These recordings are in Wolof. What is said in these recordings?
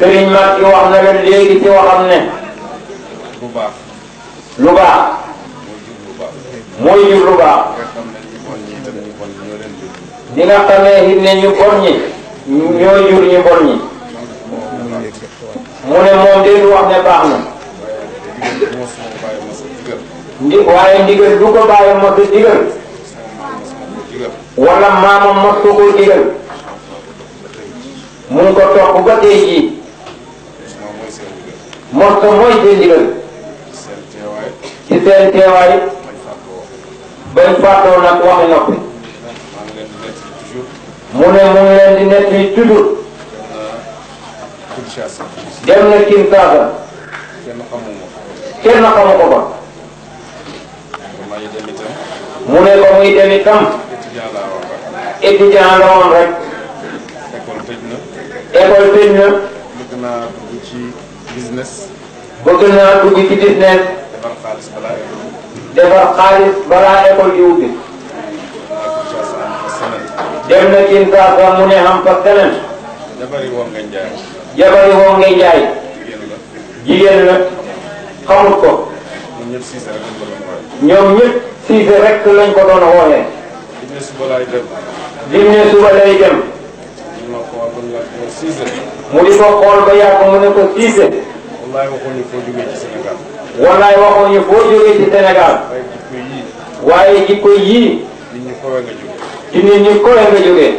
sëriñ Màkki wax na leen léegi ci waxam ne. lu baax. baax. mooy jur lu baax. di nga ne ñu bon ñi. ñoo ñu bon ñi. mu ne moom de lu wax ne baax na. ndi waaye ndigal du ko bàyyi motu digal. wala maamam motu ko digal. mun ko topp ba tey jii. moom tam mooy seen ndigal ci seen teewaay nag waxi noppi mu ne mu ngi leen di nettali toujours dem kenn xamu ko ba mu ne ba muy dem itam étudiant la rek école tëj business. bëgg naa dugg ci business. defar xaalis balaa defar xaalis balaa dem na Kinshasa mu ne xam fa keneen. jabari woo woo nga njaay. jigéen rek lañ ko ñoom ñëpp siise rek lañ ko doon wooyee. lim lim ne suba lay dem. mu di ko xool ba yàgg mu ne ko Cissé. wallaay waxoon ñu foo jógee ci Sénégal. wallaay waxoon ñu foo jógee ci Sénégal. waaye jikko yii. nit ñi kowe nga jógee. ci nit ñi kowe nga jógee.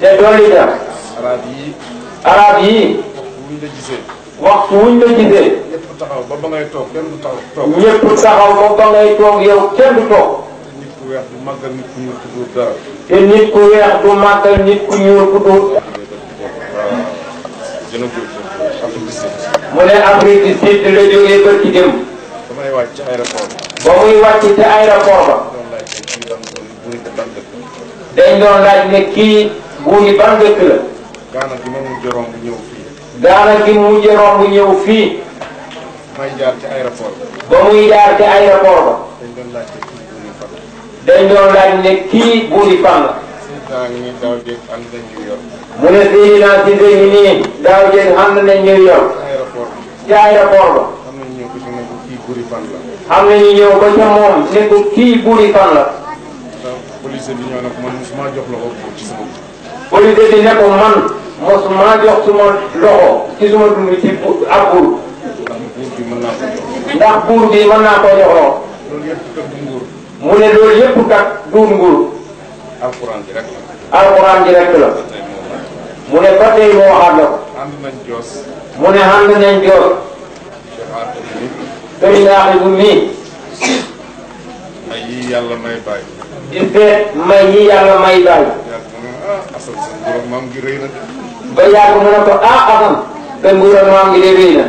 te dolli ca. arab yii. la gisee. waxtu wuñ la gisee. ñëpp taxaw ba ba ngay toog toog yow kenn toog. ku weex du màggal a ku ñuul ku dul dara. te nit ku weex du màggal nit ku ñuul ku dul. mu ne Afrique du Sud la ci dem. ba muy wàcc ci aéroport ba. laaj ne kii buuni ban dëkk gaana gi mu mujj romb gaana gi mu mujj romb ñëw fii. jaar ci aéroport dañ doon laaj ne kii buuri fan la. mu ne Seydina Cissé ñu nii daaw jéeg ànd nañ New York. ci aéroport ba. xam nañu ñëw ba ca moom ne ko kii buuri fan la. police bi ñëw nag man mosuma jox loxo ci sama police bi ne ko man mosuma jox suma loxo ci suma dund ci ab ndax buur bi mën naa ko jox mu ne loolu yëpp kat duur nguru alxuraan ji rek la. alxuraan ji rek la. mu ne ba tey moo waxaat la ko. ànd nañ joos. mu ne ànd nañ bu mii. may yi yàlla may bàyyi. il fait may yi yàlla may bàyyi. Ah, asal sa gi rëy na. ba yàgg mu te ah, nguuram maam gi de rëy na.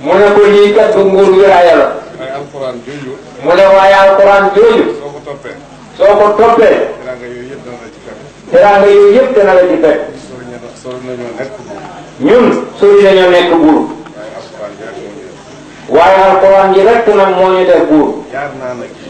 mu ne ko lii nguur wi nguur wi daa yàlla. alxuraan jooju. mu ne waaye alxuraan jooju. soo ko toppee. soo ko toppee. teraanga yooyu yëpp dana la ci fekk. teraanga yooyu yëpp dana la ci fekk. sori nañoo nekk buur. ñun sori nañoo nekk buur. waaye alxuraan ji rek moo ñu def. waaye alxuraan ji rek nag moo ñu def buur. ñaar naa nag.